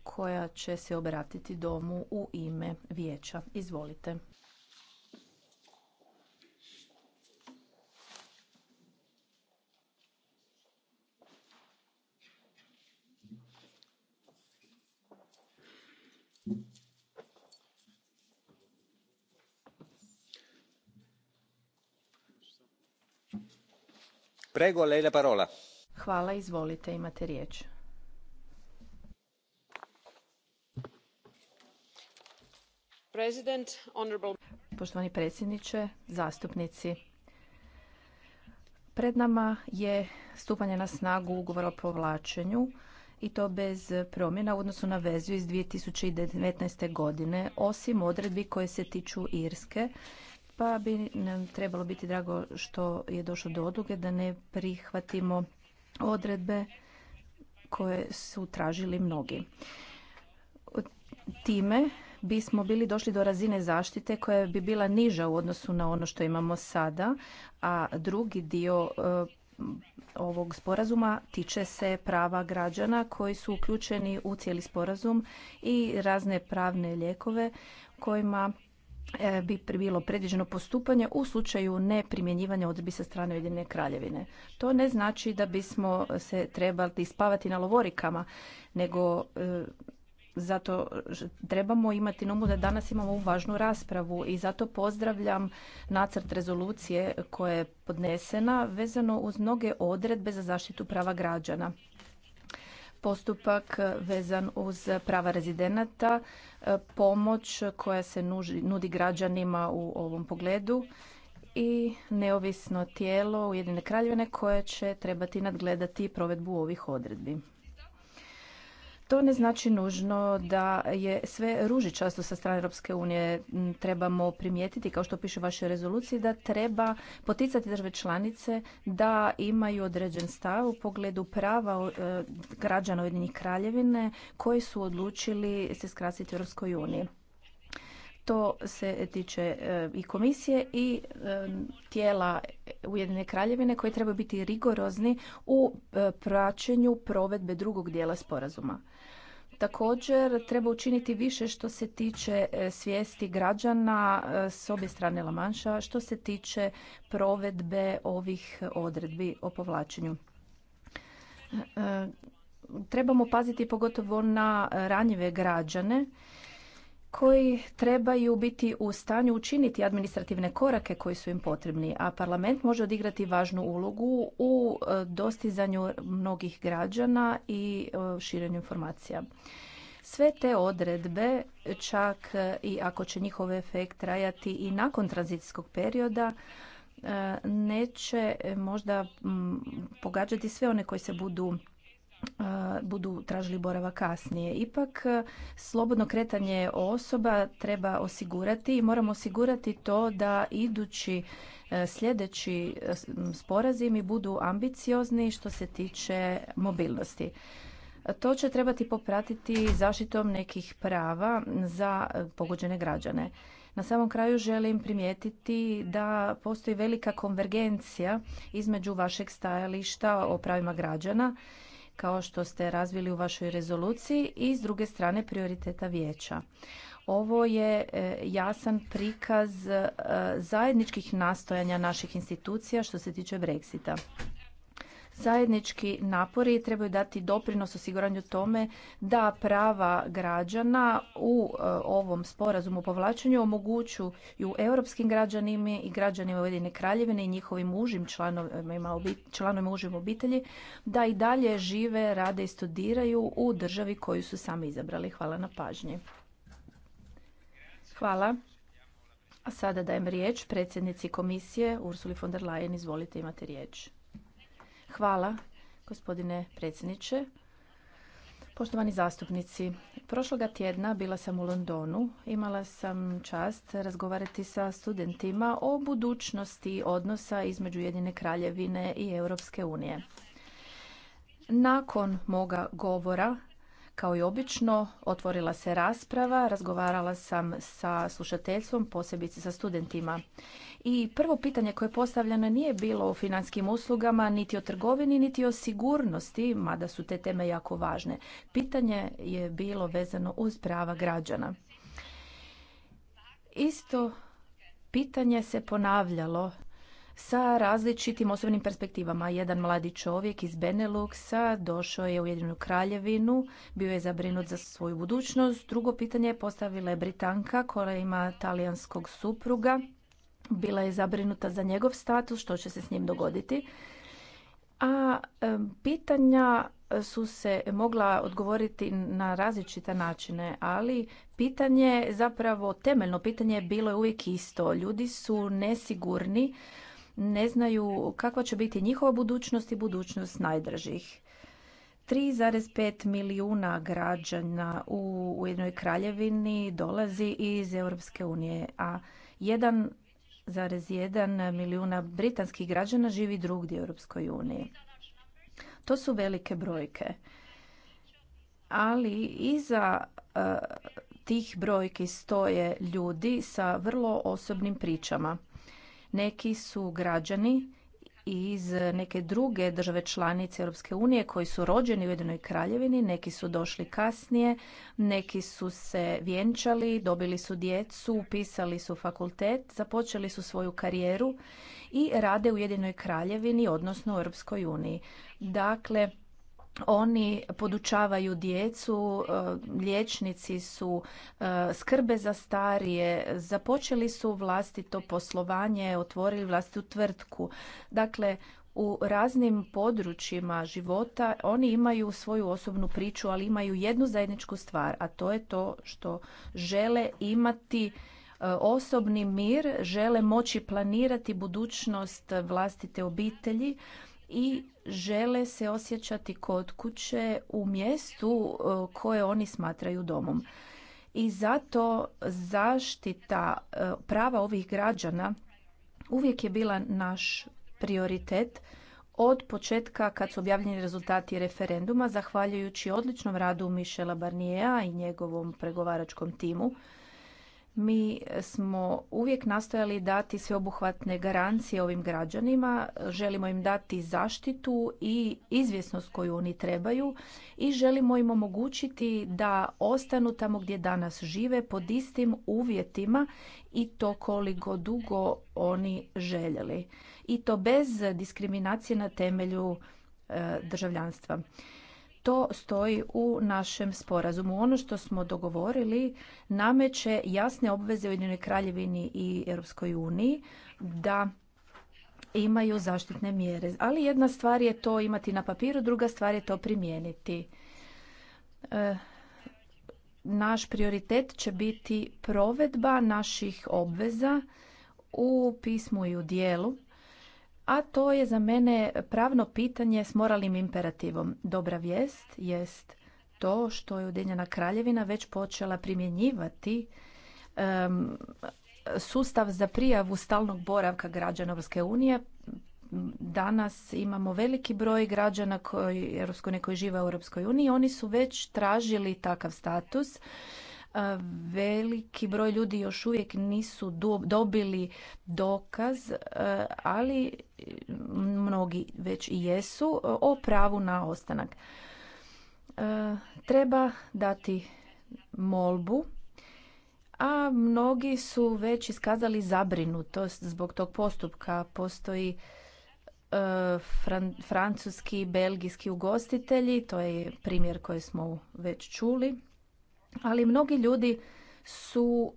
koja će se obratiti domu u ime vijeća. Izvolite. Hvala, izvolite, imate riječ. Poštovani predsjedniče, zastupnici. Pred nama je stupanje na snagu ugovora o povlačenju i to bez promjena u odnosu na vezu iz 2019. godine, osim odredbi koje se tiču Irske pa bi nam trebalo biti drago što je došlo do odluge da ne prihvatimo odredbe koje su tražili mnogi. Time bismo bili došli do razine zaštite koja bi bila niža u odnosu na ono što imamo sada, a drugi dio e, ovog sporazuma tiče se prava građana koji su uključeni u cijeli sporazum i razne pravne lijekove kojima E, bi bilo predviđeno postupanje u slučaju neprimjenjivanja odredbi sa strane Ujedinjene kraljevine. To ne znači da bismo se trebali spavati na lovorikama, nego e, zato trebamo imati na umu da danas imamo ovu važnu raspravu i zato pozdravljam nacrt rezolucije koja je podnesena vezano uz mnoge odredbe za zaštitu prava građana postupak vezan uz prava rezidenata, pomoć koja se nudi građanima u ovom pogledu i neovisno tijelo Ujedine kraljevine koje će trebati nadgledati provedbu ovih odredbi. To ne znači nužno da je sve ružičasto sa strane Europske unije. Mm, Trebamo primijetiti, kao što piše u vašoj rezoluciji, da treba poticati države članice da imaju određen stav u pogledu prava e, građana Ujedinjenih kraljevine koji su odlučili se skrasiti u Europskoj uniji. To se tiče e, i komisije i e, tijela Ujedine kraljevine koji trebaju biti rigorozni u praćenju provedbe drugog dijela sporazuma. Također treba učiniti više što se tiče e, svijesti građana e, s obje strane Lamanša što se tiče provedbe ovih odredbi o povlačenju. E, trebamo paziti pogotovo na ranjive građane koji trebaju biti u stanju učiniti administrativne korake koji su im potrebni, a parlament može odigrati važnu ulogu u e, dostizanju mnogih građana i e, širenju informacija. Sve te odredbe, čak e, i ako će njihov efekt trajati i nakon tranzicijskog perioda, neće možda pogađati sve one koji se budu budu tražili borava kasnije. Ipak, slobodno kretanje osoba treba osigurati i moramo osigurati to da idući sljedeći sporazimi budu ambiciozni što se tiče mobilnosti. To će trebati popratiti zaštitom nekih prava za pogođene građane. Na samom kraju želim primijetiti da postoji velika konvergencija između vašeg stajališta o pravima građana kao što ste razvili u vašoj rezoluciji i s druge strane prioriteta vijeća. Ovo je e, jasan prikaz e, zajedničkih nastojanja naših institucija što se tiče Brexita. Zajednički napori trebaju dati doprinos osiguranju tome da prava građana u e, ovom sporazumu o povlačenju omogućuju europskim građanima i građanima Ujedine kraljevine i njihovim užim članovima, članovima užim obitelji da i dalje žive, rade i studiraju u državi koju su sami izabrali. Hvala na pažnji. Hvala. A sada dajem riječ predsjednici komisije Ursuli von der Leyen. Izvolite, imate riječ. Hvala, gospodine predsjedniče. Poštovani zastupnici, prošloga tjedna bila sam u Londonu. Imala sam čast razgovarati sa studentima o budućnosti odnosa između Jedine kraljevine i Europske unije. Nakon moga govora kao i obično, otvorila se rasprava, razgovarala sam sa slušateljstvom, posebice sa studentima. I prvo pitanje koje je postavljeno nije bilo o finanskim uslugama, niti o trgovini, niti o sigurnosti, mada su te teme jako važne. Pitanje je bilo vezano uz prava građana. Isto pitanje se ponavljalo sa različitim osobnim perspektivama. Jedan mladi čovjek iz Beneluxa došao je u Jedinu kraljevinu, bio je zabrinut za svoju budućnost. Drugo pitanje je postavila je Britanka koja ima talijanskog supruga. Bila je zabrinuta za njegov status, što će se s njim dogoditi. A pitanja su se mogla odgovoriti na različite načine, ali pitanje zapravo temeljno pitanje je bilo je uvijek isto. Ljudi su nesigurni ne znaju kakva će biti njihova budućnost i budućnost najdražih. 3,5 milijuna građana u jednoj kraljevini dolazi iz Europske unije, a 1,1 milijuna britanskih građana živi drugdje u Europskoj uniji. To su velike brojke. Ali iza eh, tih brojki stoje ljudi sa vrlo osobnim pričama. Neki su građani iz neke druge države članice Europske unije koji su rođeni u Jedinoj Kraljevini, neki su došli kasnije, neki su se vjenčali, dobili su djecu, upisali su fakultet, započeli su svoju karijeru i rade u Jedinoj Kraljevini, odnosno u Europskoj uniji. Dakle, oni podučavaju djecu, e, liječnici su, e, skrbe za starije, započeli su vlastito poslovanje, otvorili vlastitu tvrtku. Dakle, u raznim područjima života oni imaju svoju osobnu priču, ali imaju jednu zajedničku stvar, a to je to što žele imati e, osobni mir, žele moći planirati budućnost vlastite obitelji i žele se osjećati kod kuće u mjestu e, koje oni smatraju domom. I zato zaštita e, prava ovih građana uvijek je bila naš prioritet od početka kad su objavljeni rezultati referenduma, zahvaljujući odličnom radu Mišela Barnijeja i njegovom pregovaračkom timu mi smo uvijek nastojali dati sveobuhvatne garancije ovim građanima, želimo im dati zaštitu i izvjesnost koju oni trebaju i želimo im omogućiti da ostanu tamo gdje danas žive pod istim uvjetima i to koliko dugo oni željeli. I to bez diskriminacije na temelju e, državljanstva to stoji u našem sporazumu. Ono što smo dogovorili nameće jasne obveze Ujedinjenoj kraljevini i Europskoj uniji da imaju zaštitne mjere. Ali jedna stvar je to imati na papiru, druga stvar je to primijeniti. E, naš prioritet će biti provedba naših obveza u pismu i u dijelu a to je za mene pravno pitanje s moralnim imperativom. Dobra vijest jest to što je Ujedinjena kraljevina već počela primjenjivati sustav za prijavu stalnog boravka građana Europske unije. Danas imamo veliki broj građana koji, koji žive u Europskoj uniji. Oni su već tražili takav status Veliki broj ljudi još uvijek nisu dobili dokaz, ali mnogi već i jesu o pravu na ostanak. Treba dati molbu a mnogi su već iskazali zabrinutost zbog tog postupka. Postoji francuski i belgijski ugostitelji, to je primjer koji smo već čuli ali mnogi ljudi su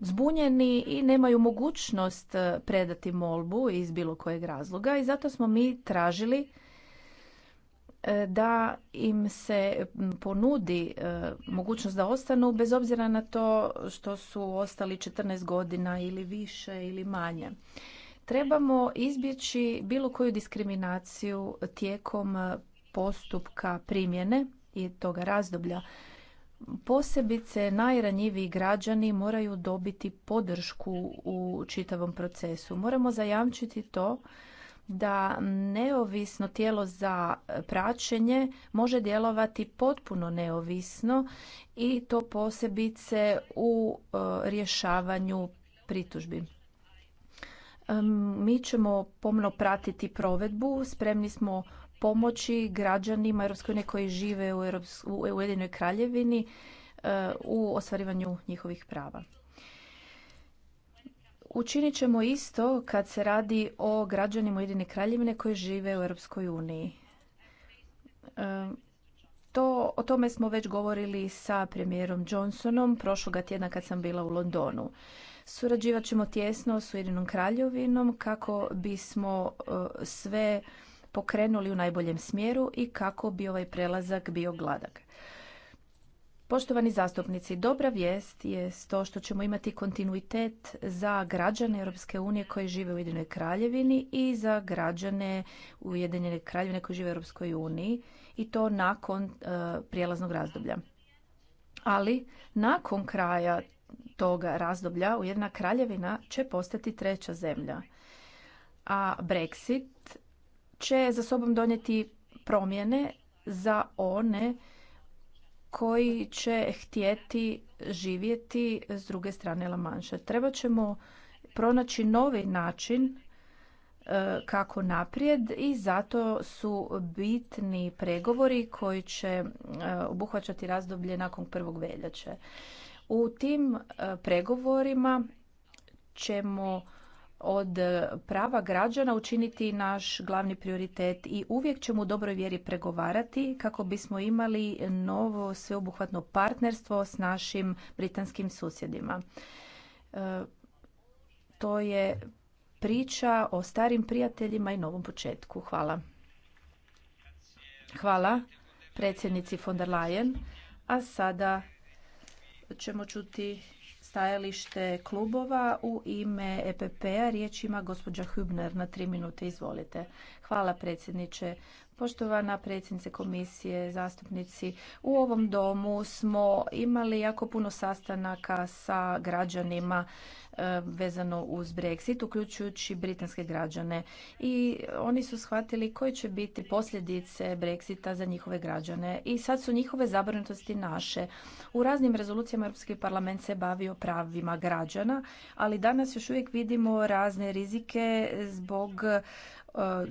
zbunjeni i nemaju mogućnost e, predati molbu iz bilo kojeg razloga i zato smo mi tražili e, da im se ponudi e, mogućnost da ostanu bez obzira na to što su ostali 14 godina ili više ili manje. Trebamo izbjeći bilo koju diskriminaciju tijekom postupka primjene i toga razdoblja Posebice najranjiviji građani moraju dobiti podršku u čitavom procesu. Moramo zajamčiti to da neovisno tijelo za praćenje može djelovati potpuno neovisno i to posebice u e, rješavanju pritužbi. Mi ćemo pomno pratiti provedbu, spremni smo pomoći građanima Europske koji žive u, u Ujedinoj kraljevini e, u ostvarivanju njihovih prava. Učinit ćemo isto kad se radi o građanima Ujedine kraljevine koji žive u Europskoj uniji. E, to, o tome smo već govorili sa premijerom Johnsonom prošloga tjedna kad sam bila u Londonu. Surađivat ćemo tjesno s Ujedinom kraljevinom kako bismo e, sve pokrenuli u najboljem smjeru i kako bi ovaj prelazak bio gladak. Poštovani zastupnici, dobra vijest je to što ćemo imati kontinuitet za građane Europske unije koji žive u Ujedinjenoj Kraljevini i za građane Ujedinjene Kraljevine koji žive u Europskoj uniji i to nakon e, prijelaznog razdoblja. Ali nakon kraja toga razdoblja Ujedinjena Kraljevina će postati treća zemlja. A Brexit će za sobom donijeti promjene za one koji će htjeti živjeti s druge strane La Manche. Treba ćemo pronaći novi način e, kako naprijed i zato su bitni pregovori koji će e, obuhvaćati razdoblje nakon 1. veljače. U tim e, pregovorima ćemo od e, prava građana učiniti naš glavni prioritet i uvijek ćemo u dobroj vjeri pregovarati kako bismo imali novo sveobuhvatno partnerstvo s našim britanskim susjedima. E, to je priča o starim prijateljima i novom početku. Hvala. Hvala predsjednici von der Leyen. A sada ćemo čuti stajalište klubova u ime EPP-a. Riječ ima gospođa Hübner na tri minute. Izvolite. Hvala predsjedniče. Poštovana predsjednice komisije, zastupnici, u ovom domu smo imali jako puno sastanaka sa građanima E, vezano uz Brexit, uključujući britanske građane. I oni su shvatili koje će biti posljedice Brexita za njihove građane. I sad su njihove zabrinutosti naše. U raznim rezolucijama Europski parlament se bavio pravima građana, ali danas još uvijek vidimo razne rizike zbog e,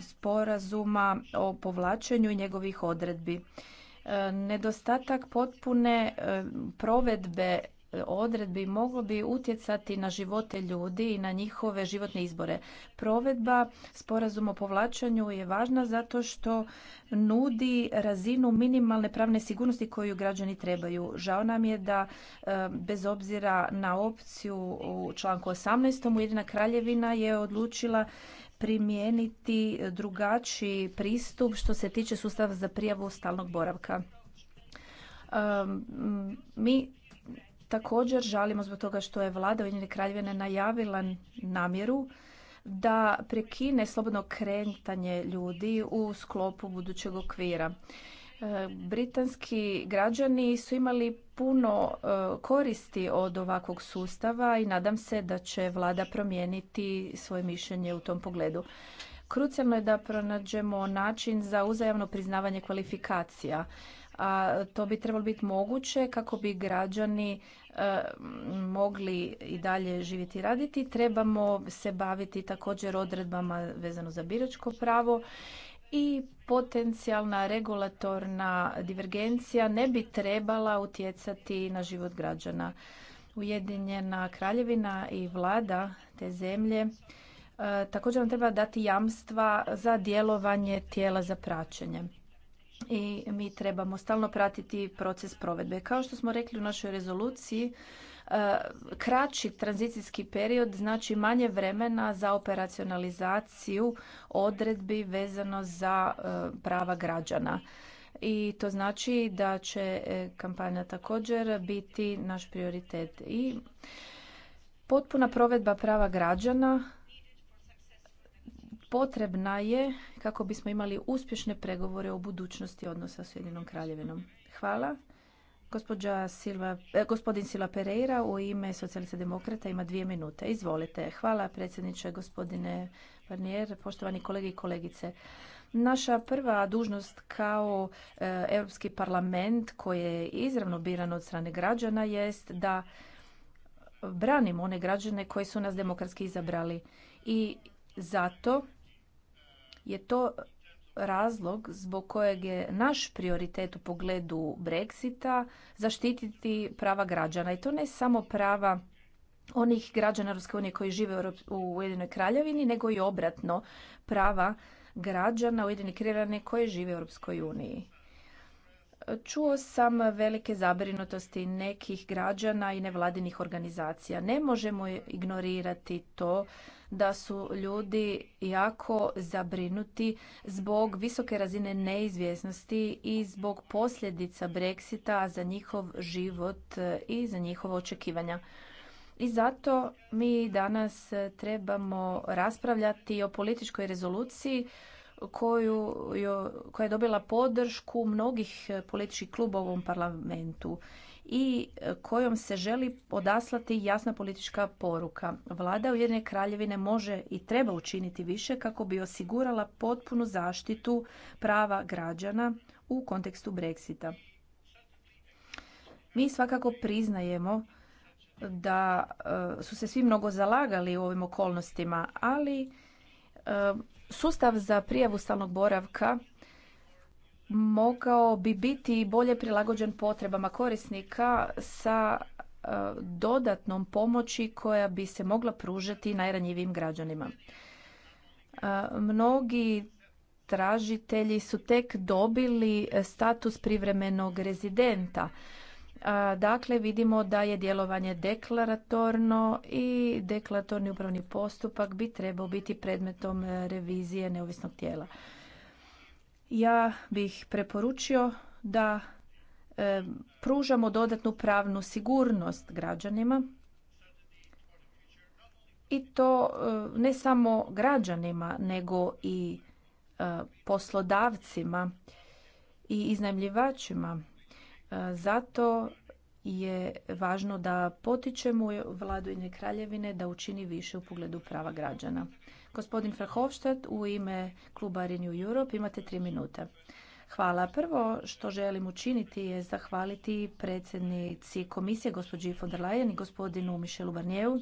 sporazuma o povlačenju i njegovih odredbi e, nedostatak potpune provedbe odredbi moglo bi utjecati na živote ljudi i na njihove životne izbore. Provedba sporazuma o povlačanju je važna zato što nudi razinu minimalne pravne sigurnosti koju građani trebaju. Žao nam je da e, bez obzira na opciju u članku 18. Ujedina Kraljevina je odlučila primijeniti drugačiji pristup što se tiče sustava za prijavu stalnog boravka. E, mi Također žalimo zbog toga što je vlada Ujedinjene kraljevine najavila namjeru da prekine slobodno kretanje ljudi u sklopu budućeg okvira. E, britanski građani su imali puno e, koristi od ovakvog sustava i nadam se da će vlada promijeniti svoje mišljenje u tom pogledu. Krucijalno je da pronađemo način za uzajamno priznavanje kvalifikacija a to bi trebalo biti moguće kako bi građani e, mogli i dalje živjeti i raditi. Trebamo se baviti također odredbama vezano za biračko pravo i potencijalna regulatorna divergencija ne bi trebala utjecati na život građana. Ujedinjena kraljevina i vlada te zemlje e, također nam treba dati jamstva za djelovanje tijela za praćenje i mi trebamo stalno pratiti proces provedbe. Kao što smo rekli u našoj rezoluciji, e, kraći tranzicijski period znači manje vremena za operacionalizaciju odredbi vezano za e, prava građana. I to znači da će e, kampanja također biti naš prioritet. I potpuna provedba prava građana potrebna je kako bismo imali uspješne pregovore o budućnosti odnosa s Ujedinom kraljevinom. Hvala. E, gospodin Sila Pereira u ime socijalista demokrata ima dvije minute. Izvolite. Hvala predsjedniče gospodine Barnier, poštovani kolegi i kolegice. Naša prva dužnost kao e, Europski parlament koji je izravno biran od strane građana jest da branimo one građane koji su nas demokratski izabrali. I zato je to razlog zbog kojeg je naš prioritet u pogledu Brexita zaštititi prava građana i to ne samo prava onih građana Europske unije koji žive u Ujedinoj kraljevini, nego i obratno prava građana Ujedinjene kraljevine koje žive u Europskoj uniji. Čuo sam velike zabrinutosti nekih građana i nevladinih organizacija. Ne možemo ignorirati to da su ljudi jako zabrinuti zbog visoke razine neizvjesnosti i zbog posljedica Brexita za njihov život e, i za njihova očekivanja. I zato mi danas trebamo raspravljati o političkoj rezoluciji koju, koja je dobila podršku mnogih političkih klubova u ovom parlamentu i kojom se želi odaslati jasna politička poruka. Vlada Ujedinjene kraljevine može i treba učiniti više kako bi osigurala potpunu zaštitu prava građana u kontekstu Brexita. Mi svakako priznajemo da e, su se svi mnogo zalagali u ovim okolnostima, ali e, sustav za prijavu stalnog boravka mogao bi biti bolje prilagođen potrebama korisnika sa e, dodatnom pomoći koja bi se mogla pružati najranjivijim građanima. E, mnogi tražitelji su tek dobili status privremenog rezidenta. E, dakle, vidimo da je djelovanje deklaratorno i deklaratorni upravni postupak bi trebao biti predmetom revizije neovisnog tijela ja bih preporučio da e, pružamo dodatnu pravnu sigurnost građanima i to e, ne samo građanima nego i e, poslodavcima i iznajmljivačima. Zato je važno da potičemo vladu Kraljevine da učini više u pogledu prava građana. Gospodin Verhofstadt u ime kluba Renew Europe imate tri minute. Hvala. Prvo što želim učiniti je zahvaliti predsjednici komisije gospođi von der Leyen i gospodinu Michelu Barnijevu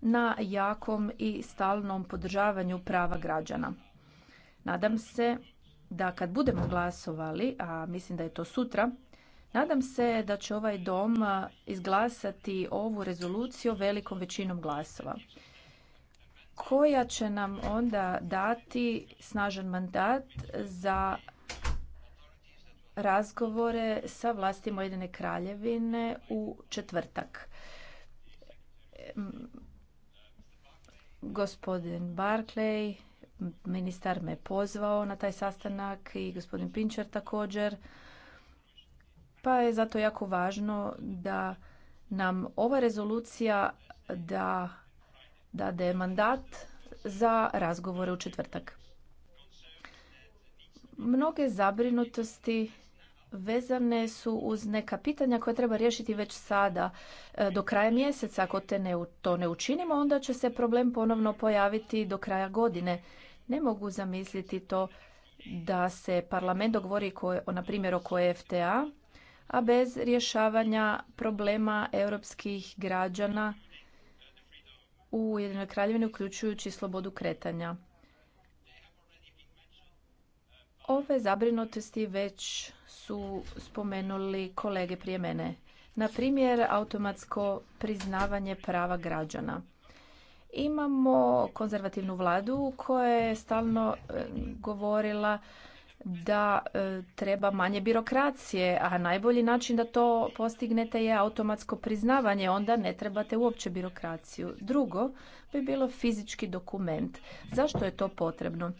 na jakom i stalnom podržavanju prava građana. Nadam se da kad budemo glasovali, a mislim da je to sutra, nadam se da će ovaj dom izglasati ovu rezoluciju velikom većinom glasova koja će nam onda dati snažan mandat za razgovore sa vlastima Ujedine kraljevine u četvrtak. Gospodin Barclay, ministar me pozvao na taj sastanak i gospodin Pinčer također. Pa je zato jako važno da nam ova rezolucija da dade mandat za razgovore u četvrtak. Mnoge zabrinutosti vezane su uz neka pitanja koja treba riješiti već sada e, do kraja mjeseca. Ako te to ne učinimo, onda će se problem ponovno pojaviti do kraja godine. Ne mogu zamisliti to da se parlament dogovori, na primjer, oko FTA, a bez rješavanja problema europskih građana u Ujedinjenoj kraljevini uključujući slobodu kretanja. Ove zabrinutosti već su spomenuli kolege prije mene. Na primjer, automatsko priznavanje prava građana. Imamo konzervativnu vladu koja je stalno eh, govorila da e, treba manje birokracije, a najbolji način da to postignete je automatsko priznavanje, onda ne trebate uopće birokraciju. Drugo bi bilo fizički dokument. Zašto je to potrebno?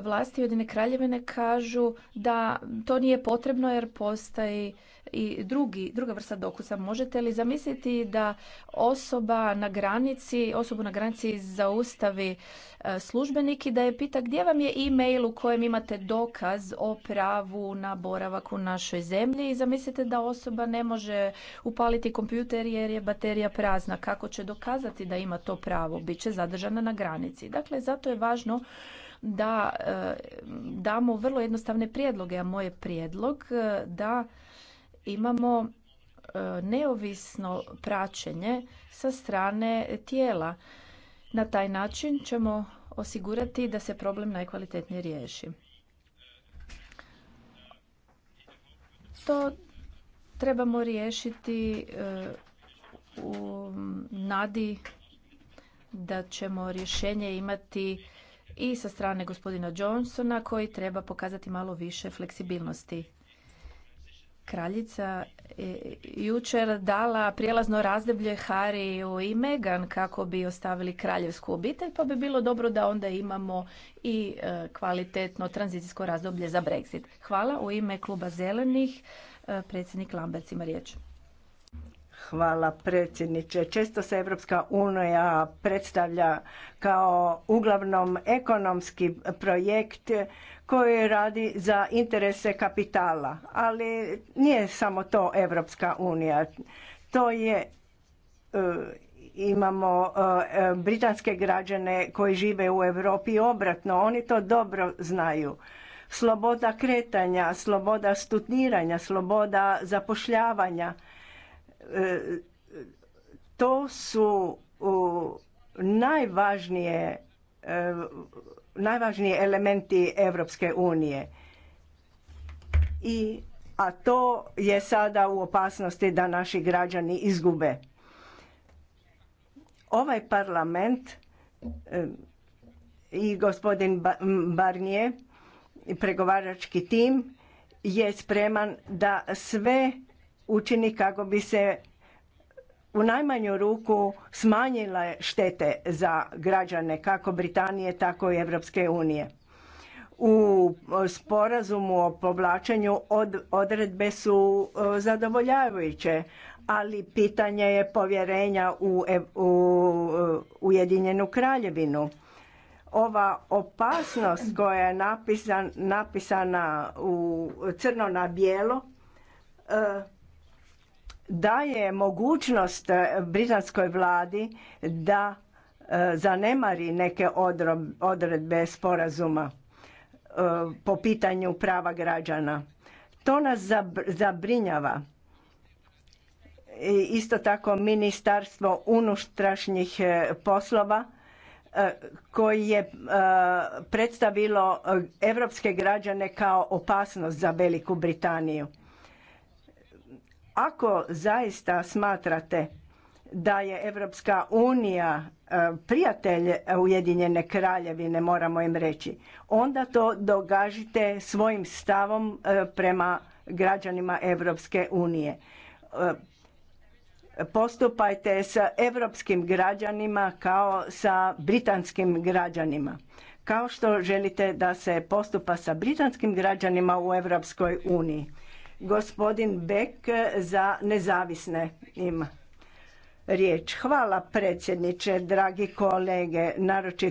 vlasti Ujedine kraljevine kažu da to nije potrebno jer postoji i drugi, druga vrsta dokusa. Možete li zamisliti da osoba na granici, osobu na granici zaustavi e, službenik i da je pita gdje vam je e-mail u kojem imate dokaz o pravu na boravak u našoj zemlji i zamislite da osoba ne može upaliti kompjuter jer je baterija prazna. Kako će dokazati da ima to pravo? Biće zadržana na granici. Dakle, zato je važno da e, damo vrlo jednostavne prijedloge, a moj je prijedlog e, da imamo e, neovisno praćenje sa strane tijela. Na taj način ćemo osigurati da se problem najkvalitetnije riješi. To trebamo riješiti u nadi da ćemo rješenje imati i sa strane gospodina Johnsona koji treba pokazati malo više fleksibilnosti. Kraljica e, jučer dala prijelazno razdoblje Hariju i Megan kako bi ostavili kraljevsku obitelj, pa bi bilo dobro da onda imamo i e, kvalitetno tranzicijsko razdoblje za Brexit. Hvala u ime kluba zelenih, e, predsjednik Lamberts ima riječ. Hvala predsjedniče. Često se Evropska unija predstavlja kao uglavnom ekonomski projekt koji radi za interese kapitala, ali nije samo to Evropska unija. To je e, imamo e, britanske građane koji žive u Europi obratno, oni to dobro znaju. Sloboda kretanja, sloboda studiranja, sloboda zapošljavanja to su najvažnije e, najvažniji elementi Europske unije. I, a to je sada u opasnosti da naši građani izgube. Ovaj parlament e, i gospodin Barnije i pregovarački tim je spreman da sve učini kako bi se u najmanju ruku smanjile štete za građane kako Britanije tako i Europske unije. U sporazumu o povlačenju odredbe su e, zadovoljavajuće, ali pitanje je povjerenja u, e, e, Ujedinjenu kraljevinu. Ova opasnost koja je napisana u crno na bijelo daje mogućnost e, britanskoj vladi da e, zanemari neke odredbe sporazuma e, po pitanju prava građana. To nas zabrinjava. Isto tako Ministarstvo unutrašnjih poslova koji je predstavilo evropske građane kao opasnost za Veliku Britaniju. Ako zaista smatrate da je Evropska unija e, prijatelj Ujedinjene kraljevine, moramo im reći, onda to dogažite svojim stavom e, prema građanima Evropske unije. E, postupajte sa evropskim građanima kao sa britanskim građanima. Kao što želite da se postupa sa britanskim građanima u Evropskoj uniji. Gospodin Beck za nezavisne ima riječ. Hvala predsjedniče, dragi kolege, naročito